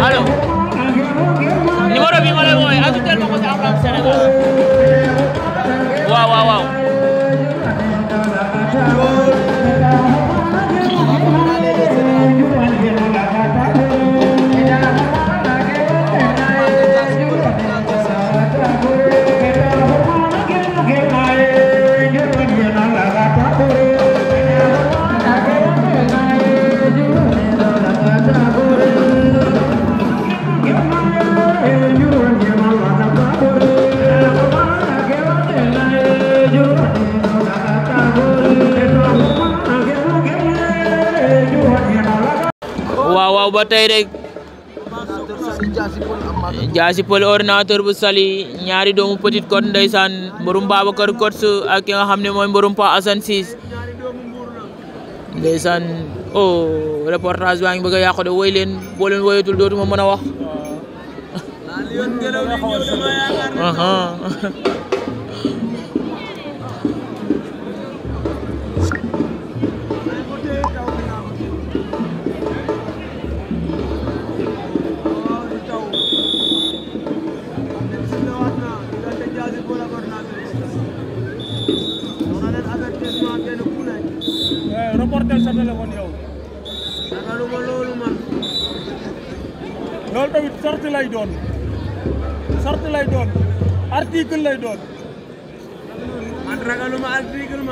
Allô waaw waaw ba tey rek jaasi pël ordinateur bu sali ñaari doomu petit kot ndeysaan mborum Babacar Kot ak ki nga xam ne mooy mborum Pa asan Ciss ndeysaan o oh, reportage baa ngi bëgg a yàqu de woy leen boo leen woyatul dootuma mën a wax Eh, reporter sa téléphone yow. ragaluma loolu man. loolu tamit sorte lay doon sorte lay doon article lay doon. man ragaluma article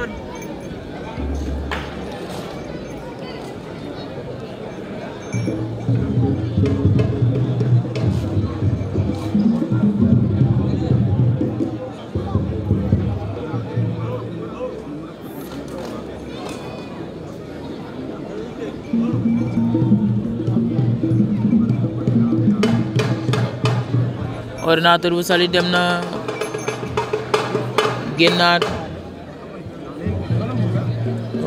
ordinateur bu sali dem na génnaat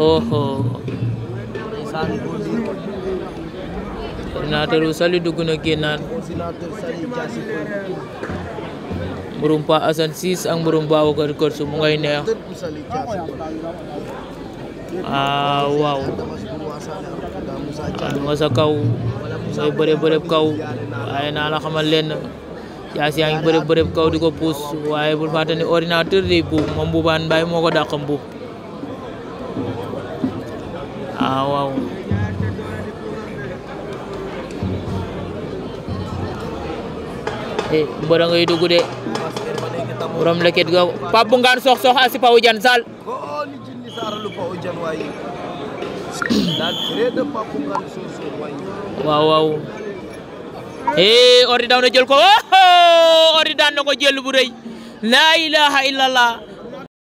oho ordinateur bu sali dugg na génnaat mburum Pa Assane Ciss ak mburum Babacar Kërsu mu ngay neex Ah, wow. wow, kan wow. wasa kau, saya bereb bereb kau, ayah naa kamar len, ya yaas yaa bereb bërëb kau di kopus, puus waaye bul ni ordinateur di bu, moom buubaan mbaay moo wow, kembu. Ah wow. wow. eh barang itu gede. Orang borom gak, ga kan sok sok asipau jansal. waaw waaw eh Ordi daw jël ko oh Ordi daan na ko jël bu rëy